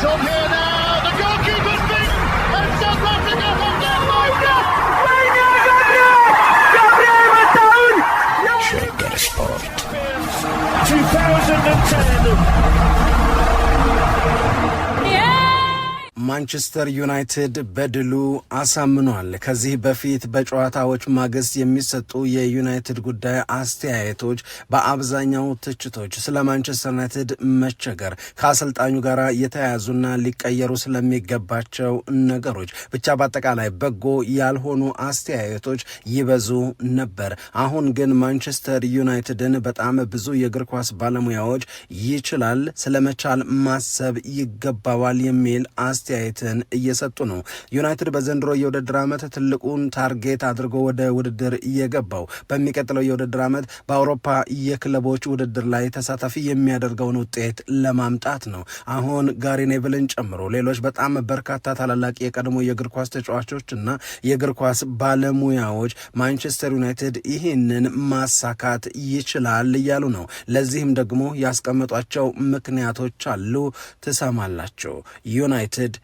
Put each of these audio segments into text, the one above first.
It's up here. ማንቸስተር ዩናይትድ በድሉ አሳምኗል። ከዚህ በፊት በጨዋታዎች ማግስት የሚሰጡ የዩናይትድ ጉዳይ አስተያየቶች በአብዛኛው ትችቶች ስለ ማንቸስተር ዩናይትድ መቸገር ከአሰልጣኙ ጋር የተያያዙና ሊቀየሩ ስለሚገባቸው ነገሮች ብቻ በአጠቃላይ በጎ ያልሆኑ አስተያየቶች ይበዙ ነበር። አሁን ግን ማንቸስተር ዩናይትድን በጣም ብዙ የእግር ኳስ ባለሙያዎች ይችላል ስለመቻል ማሰብ ይገባዋል የሚል አስተያየት አስተያየትን እየሰጡ ነው። ዩናይትድ በዘንድሮ የውድድር ዓመት ትልቁን ታርጌት አድርጎ ወደ ውድድር እየገባው በሚቀጥለው የውድድር ዓመት በአውሮፓ የክለቦች ውድድር ላይ ተሳታፊ የሚያደርገውን ውጤት ለማምጣት ነው። አሁን ጋሪ ኔቭልን ጨምሮ ሌሎች በጣም በርካታ ታላላቅ የቀድሞ የእግር ኳስ ተጫዋቾች እና የእግር ኳስ ባለሙያዎች ማንቸስተር ዩናይትድ ይህንን ማሳካት ይችላል እያሉ ነው። ለዚህም ደግሞ ያስቀመጧቸው ምክንያቶች አሉ። ትሰማላቸው ዩናይትድ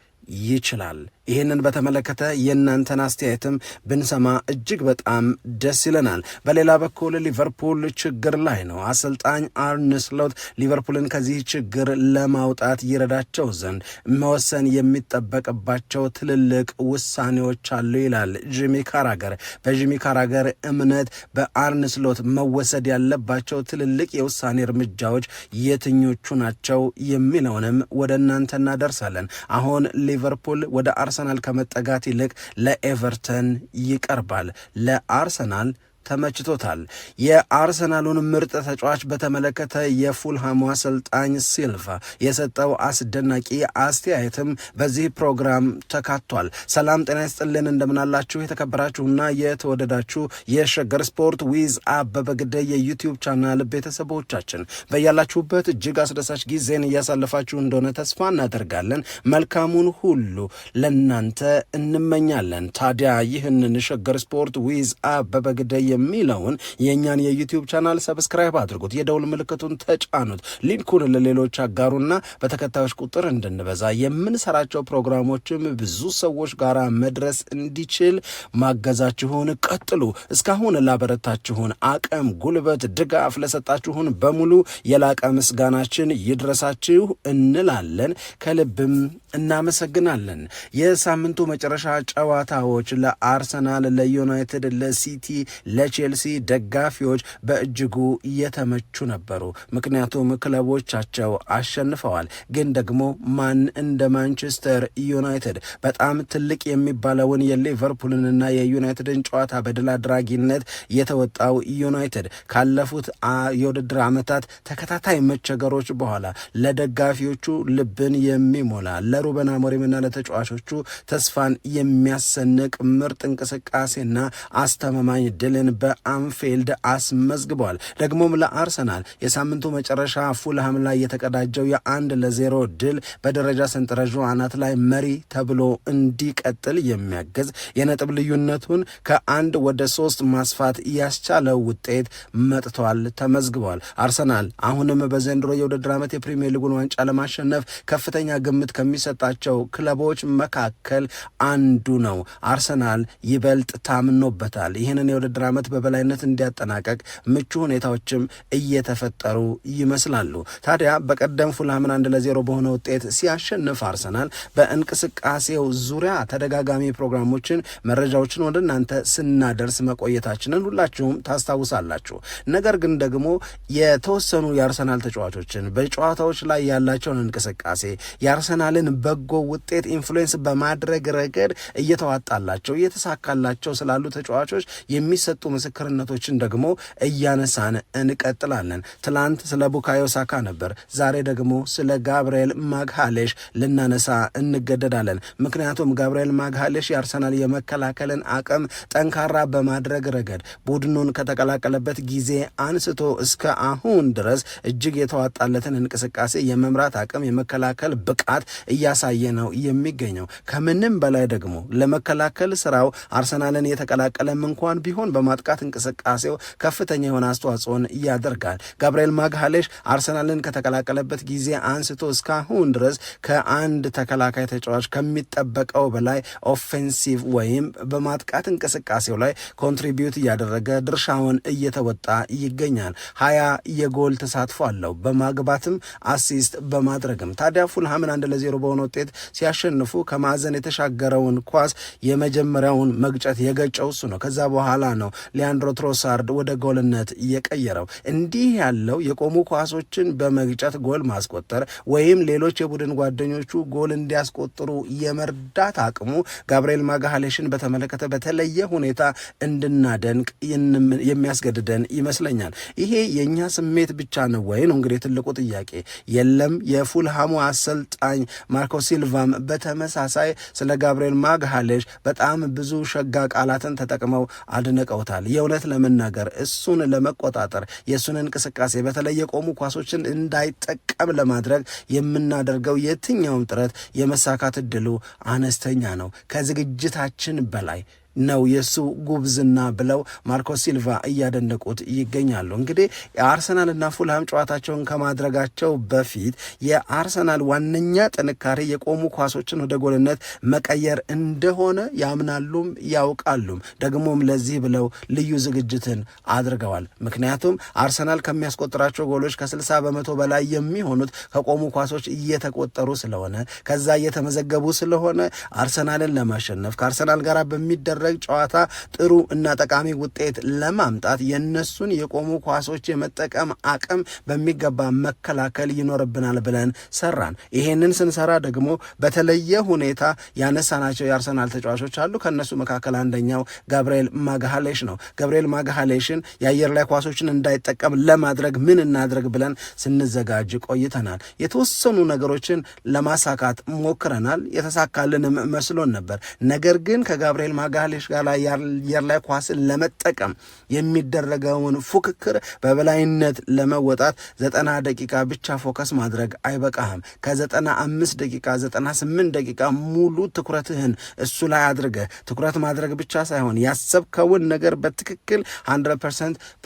ይችላል ይህንን በተመለከተ የእናንተን አስተያየትም ብንሰማ እጅግ በጣም ደስ ይለናል። በሌላ በኩል ሊቨርፑል ችግር ላይ ነው። አሰልጣኝ አርነ ስሎት ሊቨርፑልን ከዚህ ችግር ለማውጣት ይረዳቸው ዘንድ መወሰን የሚጠበቅባቸው ትልልቅ ውሳኔዎች አሉ ይላል ጂሚ ካራገር። በጂሚ ካራገር እምነት በአርነ ስሎት መወሰድ ያለባቸው ትልልቅ የውሳኔ እርምጃዎች የትኞቹ ናቸው የሚለውንም ወደ እናንተ እናደርሳለን። አሁን ሊቨርፑል ወደ አር አርሰናል ከመጠጋት ይልቅ ለኤቨርተን ይቀርባል። ለአርሰናል ተመችቶታል። የአርሰናሉን ምርጥ ተጫዋች በተመለከተ የፉልሃሙ አሰልጣኝ ሲልቫ የሰጠው አስደናቂ አስተያየትም በዚህ ፕሮግራም ተካቷል። ሰላም ጤና ይስጥልን፣ እንደምናላችሁ የተከበራችሁና የተወደዳችሁ የሸገር ስፖርት ዊዝ አበበ ግደይ የዩቲዩብ ቻናል ቤተሰቦቻችን በያላችሁበት እጅግ አስደሳች ጊዜን እያሳለፋችሁ እንደሆነ ተስፋ እናደርጋለን። መልካሙን ሁሉ ለእናንተ እንመኛለን። ታዲያ ይህንን ሸገር ስፖርት ዊዝ አበበ ግደይ የሚለውን የእኛን የዩቲዩብ ቻናል ሰብስክራይብ አድርጉት፣ የደውል ምልክቱን ተጫኑት፣ ሊንኩን ለሌሎች አጋሩና በተከታዮች ቁጥር እንድንበዛ የምንሰራቸው ፕሮግራሞችም ብዙ ሰዎች ጋር መድረስ እንዲችል ማገዛችሁን ቀጥሉ። እስካሁን ላበረታችሁን አቅም፣ ጉልበት፣ ድጋፍ ለሰጣችሁን በሙሉ የላቀ ምስጋናችን ይድረሳችሁ እንላለን። ከልብም እናመሰግናለን። የሳምንቱ መጨረሻ ጨዋታዎች ለአርሰናል፣ ለዩናይትድ፣ ለሲቲ፣ ለ የቼልሲ ደጋፊዎች በእጅጉ የተመቹ ነበሩ። ምክንያቱም ክለቦቻቸው አሸንፈዋል። ግን ደግሞ ማን እንደ ማንቸስተር ዩናይትድ በጣም ትልቅ የሚባለውን የሊቨርፑልንና የዩናይትድን ጨዋታ በድል አድራጊነት የተወጣው ዩናይትድ ካለፉት የውድድር ዓመታት ተከታታይ መቸገሮች በኋላ ለደጋፊዎቹ ልብን የሚሞላ ለሩበን አሞሪምና ለተጫዋቾቹ ተስፋን የሚያሰንቅ ምርጥ እንቅስቃሴና አስተማማኝ ድልን በአንፊልድ አስመዝግቧል። ደግሞም ለአርሰናል የሳምንቱ መጨረሻ ፉልሃም ላይ የተቀዳጀው የአንድ ለዜሮ ድል በደረጃ ሰንጠረዡ አናት ላይ መሪ ተብሎ እንዲቀጥል የሚያግዝ የነጥብ ልዩነቱን ከአንድ ወደ ሶስት ማስፋት ያስቻለው ውጤት መጥቷል፣ ተመዝግቧል። አርሰናል አሁንም በዘንድሮ የውድድር ዓመት የፕሪምየር ሊጉን ዋንጫ ለማሸነፍ ከፍተኛ ግምት ከሚሰጣቸው ክለቦች መካከል አንዱ ነው። አርሰናል ይበልጥ ታምኖበታል። ይህንን የውድድር ዓመት በመጫወት በበላይነት እንዲያጠናቀቅ ምቹ ሁኔታዎችም እየተፈጠሩ ይመስላሉ። ታዲያ በቀደም ፉልሃምን አንድ ለዜሮ በሆነ ውጤት ሲያሸንፍ አርሰናል በእንቅስቃሴው ዙሪያ ተደጋጋሚ ፕሮግራሞችን፣ መረጃዎችን ወደ እናንተ ስናደርስ መቆየታችንን ሁላችሁም ታስታውሳላችሁ። ነገር ግን ደግሞ የተወሰኑ የአርሰናል ተጫዋቾችን በጨዋታዎች ላይ ያላቸውን እንቅስቃሴ የአርሰናልን በጎ ውጤት ኢንፍሉዌንስ በማድረግ ረገድ እየተዋጣላቸው እየተሳካላቸው ስላሉ ተጫዋቾች የሚሰጡ ምስክርነቶችን ደግሞ እያነሳን እንቀጥላለን። ትላንት ስለ ቡካዮ ሳካ ነበር፣ ዛሬ ደግሞ ስለ ጋብርኤል ማግሃሌሽ ልናነሳ እንገደዳለን። ምክንያቱም ጋብርኤል ማግሃሌሽ የአርሰናል የመከላከልን አቅም ጠንካራ በማድረግ ረገድ ቡድኑን ከተቀላቀለበት ጊዜ አንስቶ እስከ አሁን ድረስ እጅግ የተዋጣለትን እንቅስቃሴ የመምራት አቅም፣ የመከላከል ብቃት እያሳየ ነው የሚገኘው። ከምንም በላይ ደግሞ ለመከላከል ስራው አርሰናልን የተቀላቀለም እንኳን ቢሆን በማ የማጥቃት እንቅስቃሴው ከፍተኛ የሆነ አስተዋጽኦን ያደርጋል። ጋብርኤል ማግሃሌሽ አርሰናልን ከተቀላቀለበት ጊዜ አንስቶ እስካሁን ድረስ ከአንድ ተከላካይ ተጫዋች ከሚጠበቀው በላይ ኦፌንሲቭ ወይም በማጥቃት እንቅስቃሴው ላይ ኮንትሪቢዩት እያደረገ ድርሻውን እየተወጣ ይገኛል። ሀያ የጎል ተሳትፎ አለው በማግባትም አሲስት በማድረግም። ታዲያ ፉልሃምን አንድ ለዜሮ በሆነ ውጤት ሲያሸንፉ ከማዕዘን የተሻገረውን ኳስ የመጀመሪያውን መግጨት የገጨው እሱ ነው። ከዛ በኋላ ነው ሊያንድሮ ትሮሳርድ ወደ ጎልነት የቀየረው። እንዲህ ያለው የቆሙ ኳሶችን በመግጨት ጎል ማስቆጠር ወይም ሌሎች የቡድን ጓደኞቹ ጎል እንዲያስቆጥሩ የመርዳት አቅሙ ጋብርኤል ማጋሃሌሽን በተመለከተ በተለየ ሁኔታ እንድናደንቅ የሚያስገድደን ይመስለኛል። ይሄ የእኛ ስሜት ብቻ ነው ወይ ነው እንግዲህ ትልቁ ጥያቄ። የለም የፉልሃሙ አሰልጣኝ ማርኮ ሲልቫም በተመሳሳይ ስለ ጋብርኤል ማጋሃሌሽ በጣም ብዙ ሸጋ ቃላትን ተጠቅመው አድንቀውታል። ይመለከታል። የእውነት ለመናገር እሱን ለመቆጣጠር የእሱን እንቅስቃሴ በተለይ የቆሙ ኳሶችን እንዳይጠቀም ለማድረግ የምናደርገው የትኛውም ጥረት የመሳካት እድሉ አነስተኛ ነው። ከዝግጅታችን በላይ ነው የእሱ ጉብዝና ብለው ማርኮስ ሲልቫ እያደነቁት ይገኛሉ። እንግዲህ አርሰናልና ፉልሃም ጨዋታቸውን ከማድረጋቸው በፊት የአርሰናል ዋነኛ ጥንካሬ የቆሙ ኳሶችን ወደ ጎልነት መቀየር እንደሆነ ያምናሉም ያውቃሉም። ደግሞም ለዚህ ብለው ልዩ ዝግጅትን አድርገዋል። ምክንያቱም አርሰናል ከሚያስቆጥራቸው ጎሎች ከ60 በመቶ በላይ የሚሆኑት ከቆሙ ኳሶች እየተቆጠሩ ስለሆነ ከዛ እየተመዘገቡ ስለሆነ አርሰናልን ለማሸነፍ ከአርሰናል ጋር በሚደረ በሚደረግ ጨዋታ ጥሩ እና ጠቃሚ ውጤት ለማምጣት የነሱን የቆሙ ኳሶች የመጠቀም አቅም በሚገባ መከላከል ይኖርብናል ብለን ሰራን። ይሄንን ስንሰራ ደግሞ በተለየ ሁኔታ ያነሳናቸው የአርሰናል ተጫዋቾች አሉ። ከነሱ መካከል አንደኛው ገብርኤል ማግሃሌሽ ነው። ገብርኤል ማግሃሌሽን የአየር ላይ ኳሶችን እንዳይጠቀም ለማድረግ ምን እናድረግ ብለን ስንዘጋጅ ቆይተናል። የተወሰኑ ነገሮችን ለማሳካት ሞክረናል። የተሳካልንም መስሎን ነበር። ነገር ግን ከጋብርኤል ማግሃሌ ከማሌዥያ ጋር አየር ላይ ኳስን ለመጠቀም የሚደረገውን ፉክክር በበላይነት ለመወጣት ዘጠና ደቂቃ ብቻ ፎከስ ማድረግ አይበቃህም። ከዘጠና አምስት ደቂቃ ዘጠና ስምንት ደቂቃ ሙሉ ትኩረትህን እሱ ላይ አድርገህ ትኩረት ማድረግ ብቻ ሳይሆን ያሰብከውን ነገር በትክክል 100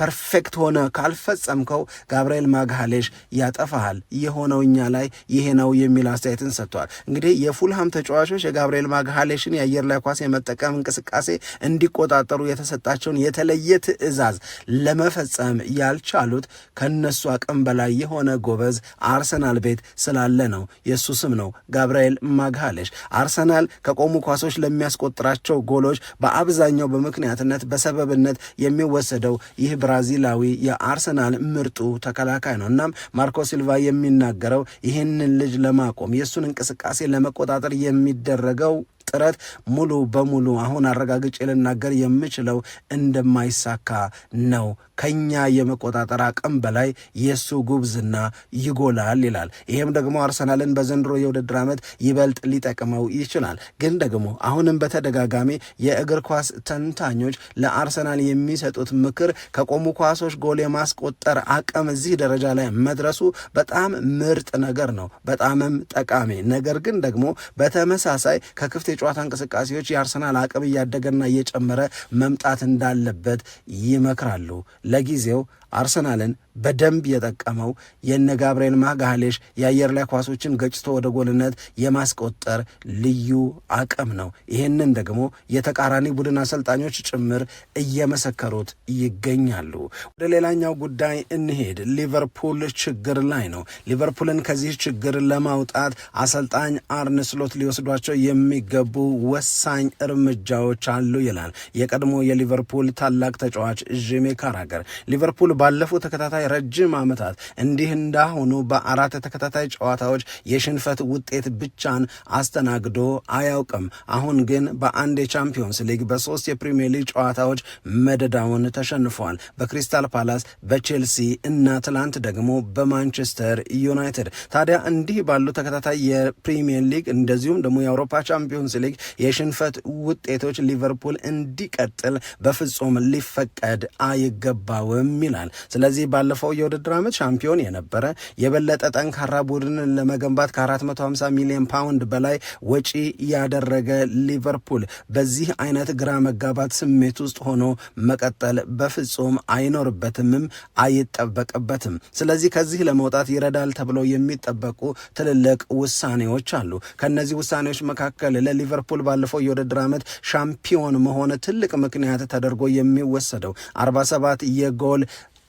ፐርፌክት ሆነ ካልፈጸምከው ጋብርኤል ማግሃሌሽ ያጠፋሃል። የሆነው እኛ ላይ ይሄ ነው የሚል አስተያየትን ሰጥቷል። እንግዲህ የፉልሃም ተጫዋቾች የጋብርኤል ማግሃሌሽን የአየር ላይ ኳስ የመጠቀም እንቅስቃሴ እንቅስቃሴ እንዲቆጣጠሩ የተሰጣቸውን የተለየ ትዕዛዝ ለመፈጸም ያልቻሉት ከነሱ አቅም በላይ የሆነ ጎበዝ አርሰናል ቤት ስላለ ነው። የእሱ ስም ነው ጋብርኤል ማግሃለሽ። አርሰናል ከቆሙ ኳሶች ለሚያስቆጥራቸው ጎሎች በአብዛኛው በምክንያትነት በሰበብነት የሚወሰደው ይህ ብራዚላዊ የአርሰናል ምርጡ ተከላካይ ነው። እናም ማርኮ ሲልቫ የሚናገረው ይህንን ልጅ ለማቆም የእሱን እንቅስቃሴ ለመቆጣጠር የሚደረገው ጥረት ሙሉ በሙሉ አሁን አረጋግጬ ልናገር የምችለው እንደማይሳካ ነው ከኛ የመቆጣጠር አቅም በላይ የእሱ ጉብዝና ይጎላል ይላል። ይህም ደግሞ አርሰናልን በዘንድሮ የውድድር ዓመት ይበልጥ ሊጠቅመው ይችላል። ግን ደግሞ አሁንም በተደጋጋሚ የእግር ኳስ ተንታኞች ለአርሰናል የሚሰጡት ምክር ከቆሙ ኳሶች ጎል የማስቆጠር አቅም እዚህ ደረጃ ላይ መድረሱ በጣም ምርጥ ነገር ነው፣ በጣምም ጠቃሚ ነገር ግን ደግሞ በተመሳሳይ ከክፍት የጨዋታ እንቅስቃሴዎች የአርሰናል አቅም እያደገና እየጨመረ መምጣት እንዳለበት ይመክራሉ። la አርሰናልን በደንብ የጠቀመው የነ ጋብርኤል ማጋሌሽ የአየር ላይ ኳሶችን ገጭቶ ወደ ጎልነት የማስቆጠር ልዩ አቅም ነው። ይህንን ደግሞ የተቃራኒ ቡድን አሰልጣኞች ጭምር እየመሰከሩት ይገኛሉ። ወደ ሌላኛው ጉዳይ እንሄድ። ሊቨርፑል ችግር ላይ ነው። ሊቨርፑልን ከዚህ ችግር ለማውጣት አሰልጣኝ አርነ ስሎት ሊወስዷቸው የሚገቡ ወሳኝ እርምጃዎች አሉ ይላል የቀድሞ የሊቨርፑል ታላቅ ተጫዋች ዥሜ ካራገር ሊቨርፑል ባለፉት ተከታታይ ረጅም ዓመታት እንዲህ እንዳሁኑ በአራት ተከታታይ ጨዋታዎች የሽንፈት ውጤት ብቻን አስተናግዶ አያውቅም። አሁን ግን በአንድ የቻምፒዮንስ ሊግ በሶስት የፕሪሚየር ሊግ ጨዋታዎች መደዳውን ተሸንፏል። በክሪስታል ፓላስ፣ በቼልሲ እና ትላንት ደግሞ በማንቸስተር ዩናይትድ። ታዲያ እንዲህ ባሉ ተከታታይ የፕሪሚየር ሊግ እንደዚሁም ደግሞ የአውሮፓ ቻምፒዮንስ ሊግ የሽንፈት ውጤቶች ሊቨርፑል እንዲቀጥል በፍጹም ሊፈቀድ አይገባውም ይላል ይገኛል። ስለዚህ ባለፈው የውድድር ዓመት ሻምፒዮን የነበረ የበለጠ ጠንካራ ቡድንን ለመገንባት ከ450 ሚሊዮን ፓውንድ በላይ ወጪ ያደረገ ሊቨርፑል በዚህ አይነት ግራ መጋባት ስሜት ውስጥ ሆኖ መቀጠል በፍጹም አይኖርበትምም አይጠበቅበትም። ስለዚህ ከዚህ ለመውጣት ይረዳል ተብለው የሚጠበቁ ትልልቅ ውሳኔዎች አሉ። ከነዚህ ውሳኔዎች መካከል ለሊቨርፑል ባለፈው የውድድር ዓመት ሻምፒዮን መሆን ትልቅ ምክንያት ተደርጎ የሚወሰደው 47 የጎል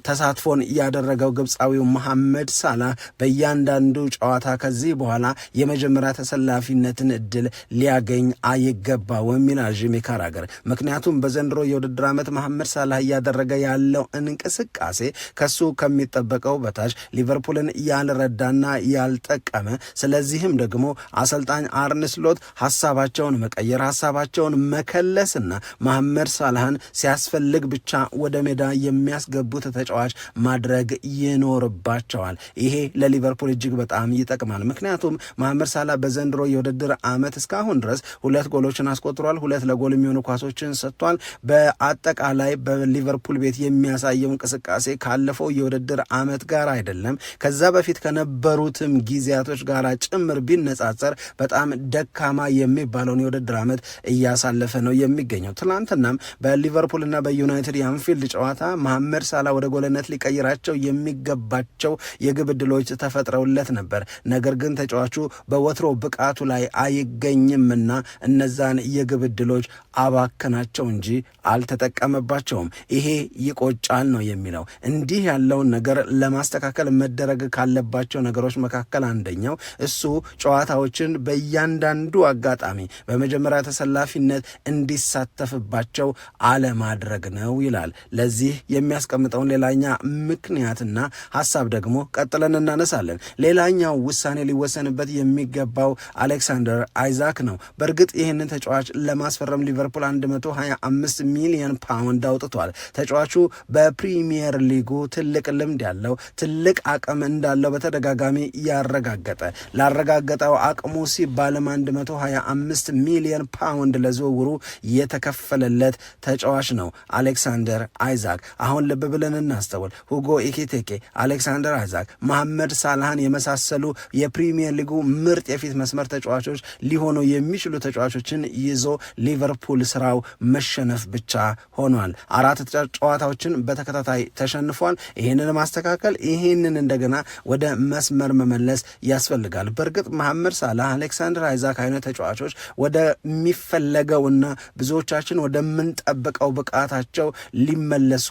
ተሳትፎን ያደረገው ግብፃዊው መሐመድ ሳላ በእያንዳንዱ ጨዋታ ከዚህ በኋላ የመጀመሪያ ተሰላፊነትን እድል ሊያገኝ አይገባውም ይላል ጂሚ ካራገር። ምክንያቱም በዘንድሮ የውድድር ዓመት መሐመድ ሳላ እያደረገ ያለው እንቅስቃሴ ከሱ ከሚጠበቀው በታች ሊቨርፑልን ያልረዳና ያልጠቀመ፣ ስለዚህም ደግሞ አሰልጣኝ አርንስሎት ሀሳባቸውን መቀየር ሀሳባቸውን መከለስና መሐመድ ሳላህን ሲያስፈልግ ብቻ ወደ ሜዳ የሚያስገቡት ተጫዋች ማድረግ ይኖርባቸዋል። ይሄ ለሊቨርፑል እጅግ በጣም ይጠቅማል። ምክንያቱም መሐመድ ሳላ በዘንድሮ የውድድር ዓመት እስካሁን ድረስ ሁለት ጎሎችን አስቆጥሯል። ሁለት ለጎል የሚሆኑ ኳሶችን ሰጥቷል። በአጠቃላይ በሊቨርፑል ቤት የሚያሳየው እንቅስቃሴ ካለፈው የውድድር ዓመት ጋር አይደለም ከዛ በፊት ከነበሩትም ጊዜያቶች ጋር ጭምር ቢነጻጸር በጣም ደካማ የሚባለውን የውድድር ዓመት እያሳለፈ ነው የሚገኘው። ትናንትናም በሊቨርፑልና በዩናይትድ የአንፊልድ ጨዋታ መሐመድ ሳላ ወደ ጎልነት ሊቀይራቸው የሚገባቸው የግብ ዕድሎች ተፈጥረውለት ነበር። ነገር ግን ተጫዋቹ በወትሮ ብቃቱ ላይ አይገኝምና እነዛን የግብ ዕድሎች አባከናቸው እንጂ አልተጠቀመባቸውም። ይሄ ይቆጫል ነው የሚለው። እንዲህ ያለውን ነገር ለማስተካከል መደረግ ካለባቸው ነገሮች መካከል አንደኛው እሱ ጨዋታዎችን በእያንዳንዱ አጋጣሚ በመጀመሪያ ተሰላፊነት እንዲሳተፍባቸው አለማድረግ ነው ይላል። ለዚህ የሚያስቀምጠውን ሌላ ሌላኛ ምክንያትና ሀሳብ ደግሞ ቀጥለን እናነሳለን። ሌላኛው ውሳኔ ሊወሰንበት የሚገባው አሌክሳንደር አይዛክ ነው። በእርግጥ ይህንን ተጫዋች ለማስፈረም ሊቨርፑል 125 ሚሊዮን ፓውንድ አውጥቷል። ተጫዋቹ በፕሪሚየር ሊጉ ትልቅ ልምድ ያለው ትልቅ አቅም እንዳለው በተደጋጋሚ ያረጋገጠ ላረጋገጠው አቅሙ ሲባልም 125 ሚሊዮን ፓውንድ ለዝውውሩ የተከፈለለት ተጫዋች ነው አሌክሳንደር አይዛክ። አሁን ልብ ብለንና ብናስተውል ሁጎ ኢኪቴኬ፣ አሌክሳንደር አይዛክ፣ መሐመድ ሳልሃን የመሳሰሉ የፕሪሚየር ሊጉ ምርጥ የፊት መስመር ተጫዋቾች ሊሆኑ የሚችሉ ተጫዋቾችን ይዞ ሊቨርፑል ስራው መሸነፍ ብቻ ሆኗል። አራት ጨዋታዎችን በተከታታይ ተሸንፏል። ይህንን ማስተካከል፣ ይህንን እንደገና ወደ መስመር መመለስ ያስፈልጋል። በእርግጥ መሐመድ ሳላህ፣ አሌክሳንደር አይዛክ አይነት ተጫዋቾች ወደሚፈለገውና ብዙዎቻችን ወደምንጠብቀው ብቃታቸው ሊመለሱ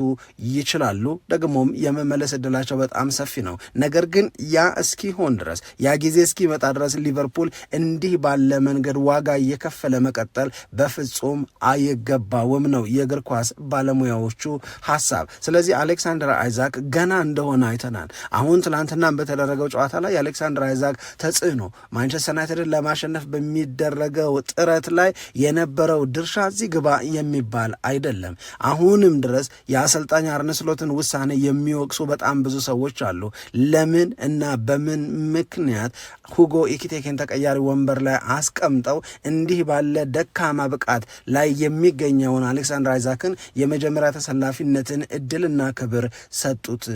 ይችላሉ። ደግሞም የመመለስ እድላቸው በጣም ሰፊ ነው። ነገር ግን ያ እስኪሆን ድረስ ያ ጊዜ እስኪመጣ ድረስ ሊቨርፑል እንዲህ ባለ መንገድ ዋጋ እየከፈለ መቀጠል በፍጹም አይገባውም ነው የእግር ኳስ ባለሙያዎቹ ሀሳብ። ስለዚህ አሌክሳንደር አይዛክ ገና እንደሆነ አይተናል። አሁን ትላንትና በተደረገው ጨዋታ ላይ የአሌክሳንደር አይዛክ ተጽዕኖ ማንቸስተር ዩናይትድን ለማሸነፍ በሚደረገው ጥረት ላይ የነበረው ድርሻ እዚህ ግባ የሚባል አይደለም። አሁንም ድረስ የአሰልጣኝ አርነ ስሎትን ውስ ልሳኔ የሚወቅሱ በጣም ብዙ ሰዎች አሉ። ለምን እና በምን ምክንያት ሁጎ ኢኪቴኬን ተቀያሪ ወንበር ላይ አስቀምጠው እንዲህ ባለ ደካማ ብቃት ላይ የሚገኘውን አሌክሳንድር አይዛክን የመጀመሪያ ተሰላፊነትን እድልና ክብር ሰጡት?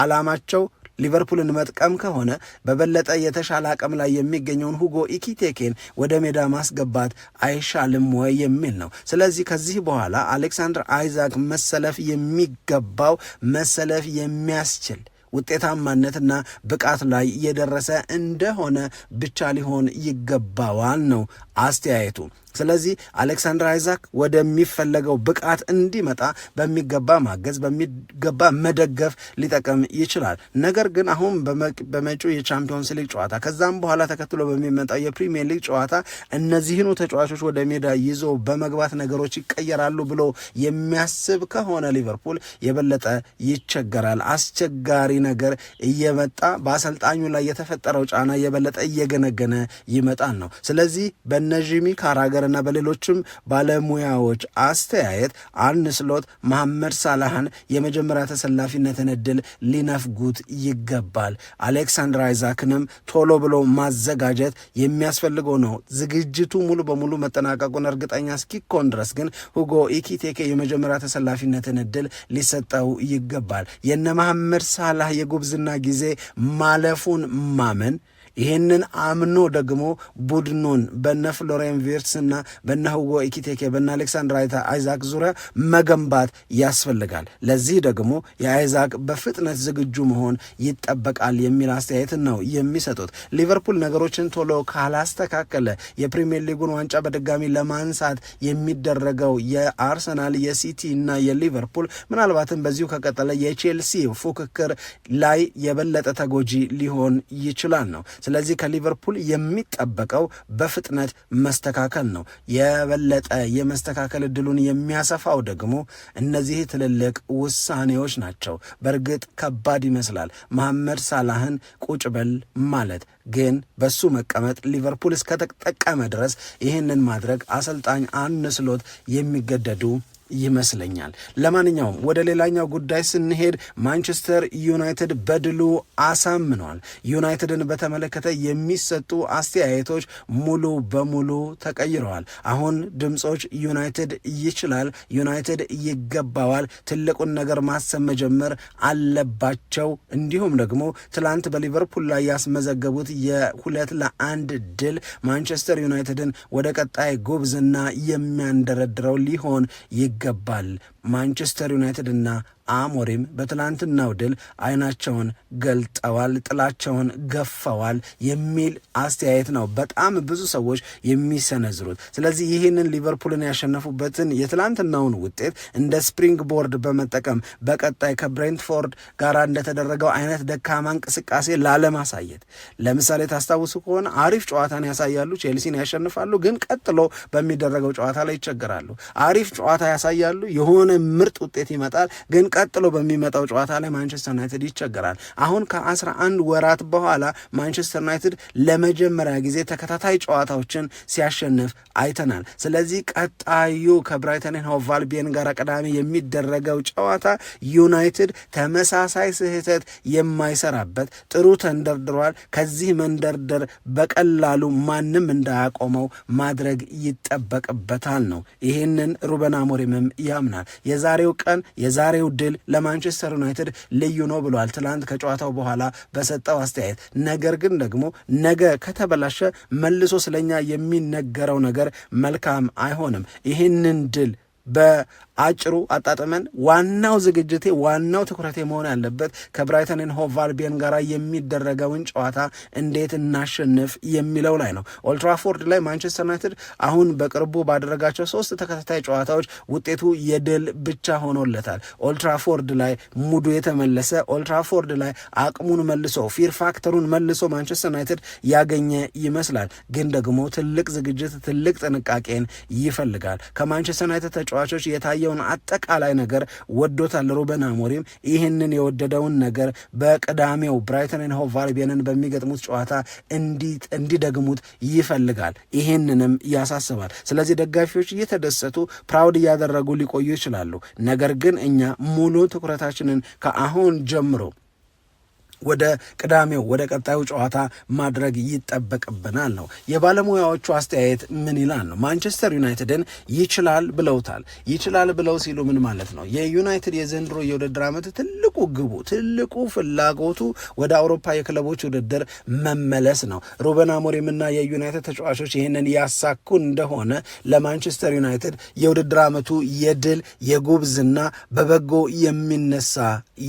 አላማቸው? ሊቨርፑልን መጥቀም ከሆነ በበለጠ የተሻለ አቅም ላይ የሚገኘውን ሁጎ ኢኪቴኬን ወደ ሜዳ ማስገባት አይሻልም ወይ የሚል ነው። ስለዚህ ከዚህ በኋላ አሌክሳንድር አይዛክ መሰለፍ የሚገባው መሰለፍ የሚያስችል ውጤታማነትና ብቃት ላይ የደረሰ እንደሆነ ብቻ ሊሆን ይገባዋል ነው አስተያየቱ። ስለዚህ አሌክሳንደር አይዛክ ወደሚፈለገው ብቃት እንዲመጣ በሚገባ ማገዝ፣ በሚገባ መደገፍ ሊጠቀም ይችላል። ነገር ግን አሁን በመጪው የቻምፒዮንስ ሊግ ጨዋታ ከዛም በኋላ ተከትሎ በሚመጣው የፕሪሚየር ሊግ ጨዋታ እነዚህኑ ተጫዋቾች ወደ ሜዳ ይዞ በመግባት ነገሮች ይቀየራሉ ብሎ የሚያስብ ከሆነ ሊቨርፑል የበለጠ ይቸገራል። አስቸጋሪ ነገር እየመጣ በአሰልጣኙ ላይ የተፈጠረው ጫና የበለጠ እየገነገነ ይመጣል ነው። ስለዚህ በነዥሚ ካራገ በሀገርና በሌሎችም ባለሙያዎች አስተያየት አርነ ስሎት መሐመድ ሳላህን የመጀመሪያ ተሰላፊነትን እድል ሊነፍጉት ይገባል። አሌክሳንድር አይዛክንም ቶሎ ብሎ ማዘጋጀት የሚያስፈልገው ነው። ዝግጅቱ ሙሉ በሙሉ መጠናቀቁን እርግጠኛ እስኪኮን ድረስ ግን ሁጎ ኢኪቴኬ የመጀመሪያ ተሰላፊነትን እድል ሊሰጠው ይገባል። የነ መሐመድ ሳላህ የጉብዝና ጊዜ ማለፉን ማመን ይህንን አምኖ ደግሞ ቡድኑን በነ ፍሎሬን ቪርትስ እና በነ ህዎ ኢኪቴኬ በነ አሌክሳንድር አይዛክ ዙሪያ መገንባት ያስፈልጋል። ለዚህ ደግሞ የአይዛክ በፍጥነት ዝግጁ መሆን ይጠበቃል የሚል አስተያየትን ነው የሚሰጡት። ሊቨርፑል ነገሮችን ቶሎ ካላስተካከለ የፕሪሚየር ሊጉን ዋንጫ በድጋሚ ለማንሳት የሚደረገው የአርሰናል የሲቲ እና የሊቨርፑል ምናልባትም በዚሁ ከቀጠለ የቼልሲ ፉክክር ላይ የበለጠ ተጎጂ ሊሆን ይችላል ነው ስለዚህ ከሊቨርፑል የሚጠበቀው በፍጥነት መስተካከል ነው። የበለጠ የመስተካከል እድሉን የሚያሰፋው ደግሞ እነዚህ ትልልቅ ውሳኔዎች ናቸው። በእርግጥ ከባድ ይመስላል መሐመድ ሳላህን ቁጭ በል ማለት ግን በሱ መቀመጥ ሊቨርፑል እስከተጠቀመ ድረስ ይህንን ማድረግ አሰልጣኝ አንስሎት የሚገደዱ ይመስለኛል። ለማንኛውም ወደ ሌላኛው ጉዳይ ስንሄድ ማንቸስተር ዩናይትድ በድሉ አሳምኗል። ዩናይትድን በተመለከተ የሚሰጡ አስተያየቶች ሙሉ በሙሉ ተቀይረዋል። አሁን ድምፆች ዩናይትድ ይችላል፣ ዩናይትድ ይገባዋል፣ ትልቁን ነገር ማሰብ መጀመር አለባቸው እንዲሁም ደግሞ ትላንት በሊቨርፑል ላይ ያስመዘገቡት የሁለት ለአንድ ድል ማንቸስተር ዩናይትድን ወደ ቀጣይ ጉብዝና የሚያንደረድረው ሊሆን ይገባል ማንቸስተር ዩናይትድ እና አሞሪም በትላንትናው ድል አይናቸውን ገልጠዋል፣ ጥላቸውን ገፈዋል የሚል አስተያየት ነው በጣም ብዙ ሰዎች የሚሰነዝሩት። ስለዚህ ይህንን ሊቨርፑልን ያሸነፉበትን የትላንትናውን ውጤት እንደ ስፕሪንግ ቦርድ በመጠቀም በቀጣይ ከብሬንትፎርድ ጋር እንደተደረገው አይነት ደካማ እንቅስቃሴ ላለማሳየት፣ ለምሳሌ ታስታውሱ ከሆነ አሪፍ ጨዋታን ያሳያሉ፣ ቼልሲን ያሸንፋሉ፣ ግን ቀጥሎ በሚደረገው ጨዋታ ላይ ይቸገራሉ። አሪፍ ጨዋታ ያሳያሉ የሆነ የሆነ ምርጥ ውጤት ይመጣል፣ ግን ቀጥሎ በሚመጣው ጨዋታ ላይ ማንቸስተር ዩናይትድ ይቸገራል። አሁን ከአስራ አንድ ወራት በኋላ ማንቸስተር ዩናይትድ ለመጀመሪያ ጊዜ ተከታታይ ጨዋታዎችን ሲያሸንፍ አይተናል። ስለዚህ ቀጣዩ ከብራይተን ሆቭ አልቢዮን ጋር ቅዳሜ የሚደረገው ጨዋታ ዩናይትድ ተመሳሳይ ስህተት የማይሰራበት ጥሩ ተንደርድሯል። ከዚህ መንደርደር በቀላሉ ማንም እንዳያቆመው ማድረግ ይጠበቅበታል ነው። ይህንን ሩበን አሞሪምም ያምናል። የዛሬው ቀን የዛሬው ድል ለማንቸስተር ዩናይትድ ልዩ ነው ብለዋል ትናንት ከጨዋታው በኋላ በሰጠው አስተያየት። ነገር ግን ደግሞ ነገ ከተበላሸ መልሶ ስለኛ የሚነገረው ነገር መልካም አይሆንም። ይህንን ድል በአጭሩ አጣጥመን ዋናው ዝግጅቴ ዋናው ትኩረቴ መሆን ያለበት ከብራይተን ሆቫልቢየን ጋር የሚደረገውን ጨዋታ እንዴት እናሸንፍ የሚለው ላይ ነው። ኦልትራፎርድ ላይ ማንቸስተር ዩናይትድ አሁን በቅርቡ ባደረጋቸው ሶስት ተከታታይ ጨዋታዎች ውጤቱ የድል ብቻ ሆኖለታል። ኦልትራፎርድ ላይ ሙዱ የተመለሰ ኦልትራፎርድ ላይ አቅሙን መልሶ ፊር ፋክተሩን መልሶ ማንቸስተር ዩናይትድ ያገኘ ይመስላል። ግን ደግሞ ትልቅ ዝግጅት ትልቅ ጥንቃቄን ይፈልጋል። ከማንቸስተር ዩናይትድ ተጫዋቾች የታየውን አጠቃላይ ነገር ወዶታል። ሩበን አሞሪም ይህንን የወደደውን ነገር በቅዳሜው ብራይተንን ሆቭ አልቢዮንን በሚገጥሙት ጨዋታ እንዲደግሙት ይፈልጋል። ይህንንም ያሳስባል። ስለዚህ ደጋፊዎች እየተደሰቱ ፕራውድ እያደረጉ ሊቆዩ ይችላሉ። ነገር ግን እኛ ሙሉ ትኩረታችንን ከአሁን ጀምሮ ወደ ቅዳሜው ወደ ቀጣዩ ጨዋታ ማድረግ ይጠበቅብናል ነው የባለሙያዎቹ አስተያየት። ምን ይላል ነው ማንቸስተር ዩናይትድን ይችላል ብለውታል። ይችላል ብለው ሲሉ ምን ማለት ነው? የዩናይትድ የዘንድሮ የውድድር ዓመት ትልቁ ግቡ ትልቁ ፍላጎቱ ወደ አውሮፓ የክለቦች ውድድር መመለስ ነው። ሩበን አሞሪምና የዩናይትድ ተጫዋቾች ይህንን ያሳኩ እንደሆነ ለማንቸስተር ዩናይትድ የውድድር ዓመቱ የድል የጉብዝና በበጎ የሚነሳ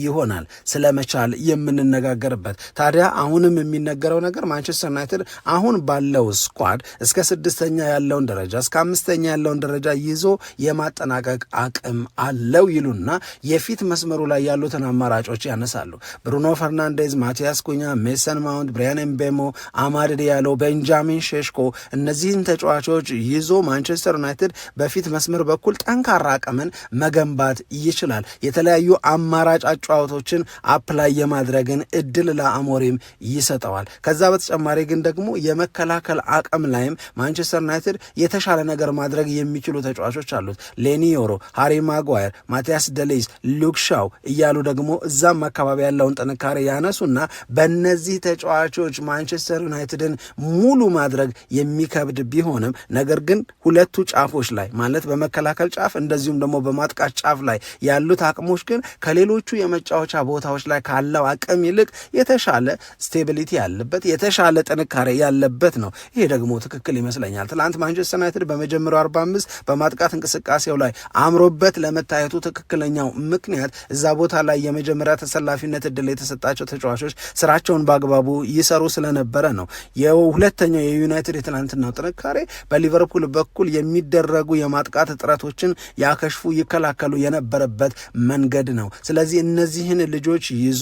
ይሆናል። ስለመቻል የምንነ የምንነጋገርበት። ታዲያ አሁንም የሚነገረው ነገር ማንቸስተር ዩናይትድ አሁን ባለው ስኳድ እስከ ስድስተኛ ያለውን ደረጃ እስከ አምስተኛ ያለውን ደረጃ ይዞ የማጠናቀቅ አቅም አለው ይሉና የፊት መስመሩ ላይ ያሉትን አማራጮች ያነሳሉ። ብሩኖ ፈርናንዴዝ፣ ማቲያስ ኩኛ፣ ሜሰን ማውንት፣ ብሪያን ኤምቤሞ፣ አማድ ዲያሎ፣ ቤንጃሚን ሼሽኮ እነዚህን ተጫዋቾች ይዞ ማንቸስተር ዩናይትድ በፊት መስመር በኩል ጠንካራ አቅምን መገንባት ይችላል። የተለያዩ አማራጭ አጫዋቶችን አፕላይ የማድረግን እድል ለአሞሪም ይሰጠዋል። ከዛ በተጨማሪ ግን ደግሞ የመከላከል አቅም ላይም ማንቸስተር ዩናይትድ የተሻለ ነገር ማድረግ የሚችሉ ተጫዋቾች አሉት። ሌኒዮሮ፣ ሃሪ ማጓየር፣ ማቲያስ ደሌይስ፣ ሉክሻው እያሉ ደግሞ እዛም አካባቢ ያለውን ጥንካሬ ያነሱና በእነዚህ ተጫዋቾች ማንቸስተር ዩናይትድን ሙሉ ማድረግ የሚከብድ ቢሆንም ነገር ግን ሁለቱ ጫፎች ላይ ማለት በመከላከል ጫፍ እንደዚሁም ደግሞ በማጥቃት ጫፍ ላይ ያሉት አቅሞች ግን ከሌሎቹ የመጫወቻ ቦታዎች ላይ ካለው አቅም ይልቅ ይልቅ የተሻለ ስቴቢሊቲ ያለበት የተሻለ ጥንካሬ ያለበት ነው። ይሄ ደግሞ ትክክል ይመስለኛል። ትላንት ማንቸስተር ዩናይትድ በመጀመሪያው 45 በማጥቃት እንቅስቃሴው ላይ አምሮበት ለመታየቱ ትክክለኛው ምክንያት እዛ ቦታ ላይ የመጀመሪያ ተሰላፊነት እድል የተሰጣቸው ተጫዋቾች ስራቸውን በአግባቡ ይሰሩ ስለነበረ ነው። የሁለተኛው የዩናይትድ የትላንትናው ጥንካሬ በሊቨርፑል በኩል የሚደረጉ የማጥቃት እጥረቶችን ያከሽፉ ይከላከሉ የነበረበት መንገድ ነው። ስለዚህ እነዚህን ልጆች ይዞ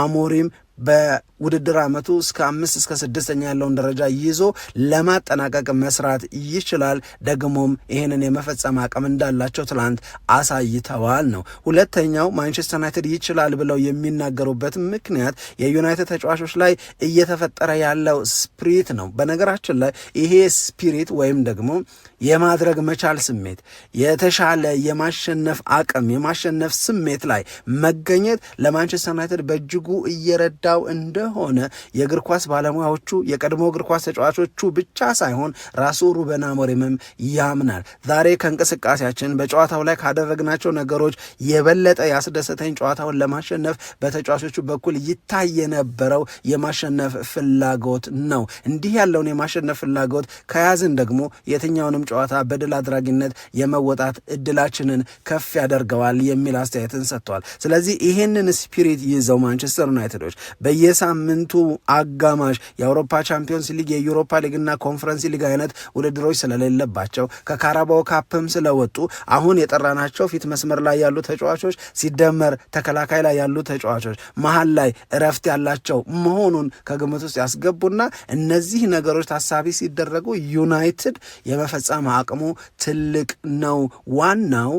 አሞሪ പറയും በውድድር ዓመቱ እስከ አምስት እስከ ስድስተኛ ያለውን ደረጃ ይዞ ለማጠናቀቅ መስራት ይችላል። ደግሞም ይህንን የመፈጸም አቅም እንዳላቸው ትላንት አሳይተዋል ነው። ሁለተኛው ማንቸስተር ዩናይትድ ይችላል ብለው የሚናገሩበት ምክንያት የዩናይትድ ተጫዋቾች ላይ እየተፈጠረ ያለው ስፒሪት ነው። በነገራችን ላይ ይሄ ስፒሪት ወይም ደግሞ የማድረግ መቻል ስሜት፣ የተሻለ የማሸነፍ አቅም፣ የማሸነፍ ስሜት ላይ መገኘት ለማንቸስተር ዩናይትድ በእጅጉ እየረዳ ጉዳው እንደሆነ የእግር ኳስ ባለሙያዎቹ የቀድሞ እግር ኳስ ተጫዋቾቹ ብቻ ሳይሆን ራሱ ሩበን አሞሪምም ያምናል። ዛሬ ከእንቅስቃሴያችን በጨዋታው ላይ ካደረግናቸው ነገሮች የበለጠ ያስደሰተኝ ጨዋታውን ለማሸነፍ በተጫዋቾቹ በኩል ይታይ የነበረው የማሸነፍ ፍላጎት ነው። እንዲህ ያለውን የማሸነፍ ፍላጎት ከያዝን ደግሞ የትኛውንም ጨዋታ በድል አድራጊነት የመወጣት እድላችንን ከፍ ያደርገዋል የሚል አስተያየትን ሰጥቷል። ስለዚህ ይህንን ስፒሪት ይዘው ማንቸስተር ዩናይትዶች በየሳምንቱ አጋማሽ የአውሮፓ ቻምፒዮንስ ሊግ የዩሮፓ ሊግና ኮንፈረንስ ሊግ አይነት ውድድሮች ስለሌለባቸው ከካራባው ካፕም ስለወጡ አሁን የጠራናቸው ፊት መስመር ላይ ያሉ ተጫዋቾች ሲደመር ተከላካይ ላይ ያሉ ተጫዋቾች መሀል ላይ እረፍት ያላቸው መሆኑን ከግምት ውስጥ ያስገቡና እነዚህ ነገሮች ታሳቢ ሲደረጉ ዩናይትድ የመፈጸም አቅሙ ትልቅ ነው ዋናው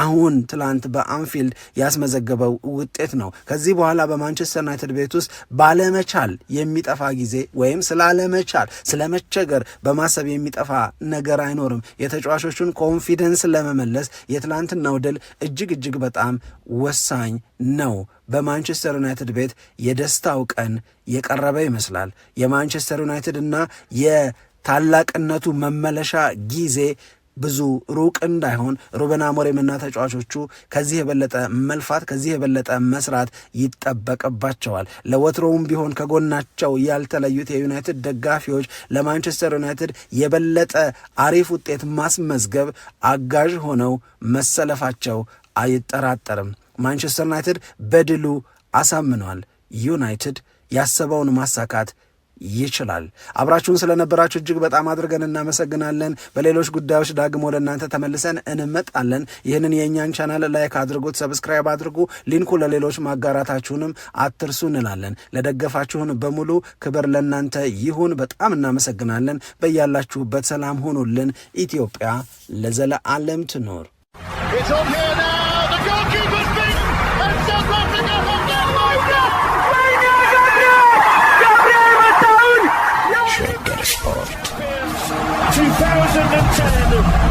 አሁን ትላንት በአንፊልድ ያስመዘገበው ውጤት ነው። ከዚህ በኋላ በማንቸስተር ዩናይትድ ቤት ውስጥ ባለመቻል የሚጠፋ ጊዜ ወይም ስላለመቻል ስለመቸገር በማሰብ የሚጠፋ ነገር አይኖርም። የተጫዋቾቹን ኮንፊደንስ ለመመለስ የትላንትናው ድል እጅግ እጅግ በጣም ወሳኝ ነው። በማንቸስተር ዩናይትድ ቤት የደስታው ቀን የቀረበ ይመስላል። የማንቸስተር ዩናይትድ እና የታላቅነቱ መመለሻ ጊዜ ብዙ ሩቅ እንዳይሆን ሩበን አሞሪምና ተጫዋቾቹ ከዚህ የበለጠ መልፋት ከዚህ የበለጠ መስራት ይጠበቅባቸዋል። ለወትሮውም ቢሆን ከጎናቸው ያልተለዩት የዩናይትድ ደጋፊዎች ለማንቸስተር ዩናይትድ የበለጠ አሪፍ ውጤት ማስመዝገብ አጋዥ ሆነው መሰለፋቸው አይጠራጠርም። ማንቸስተር ዩናይትድ በድሉ አሳምኗል ዩናይትድ ያሰበውን ማሳካት ይችላል። አብራችሁን ስለነበራችሁ እጅግ በጣም አድርገን እናመሰግናለን። በሌሎች ጉዳዮች ዳግሞ እናንተ ተመልሰን እንመጣለን። ይህንን የእኛን ቻናል ላይክ አድርጉት፣ ሰብስክራይብ አድርጉ፣ ሊንኩ ለሌሎች ማጋራታችሁንም አትርሱ እንላለን። ለደገፋችሁን በሙሉ ክብር ለእናንተ ይሁን። በጣም እናመሰግናለን። በያላችሁበት ሰላም ሁኑልን። ኢትዮጵያ ለዘለዓለም ትኖር። 2010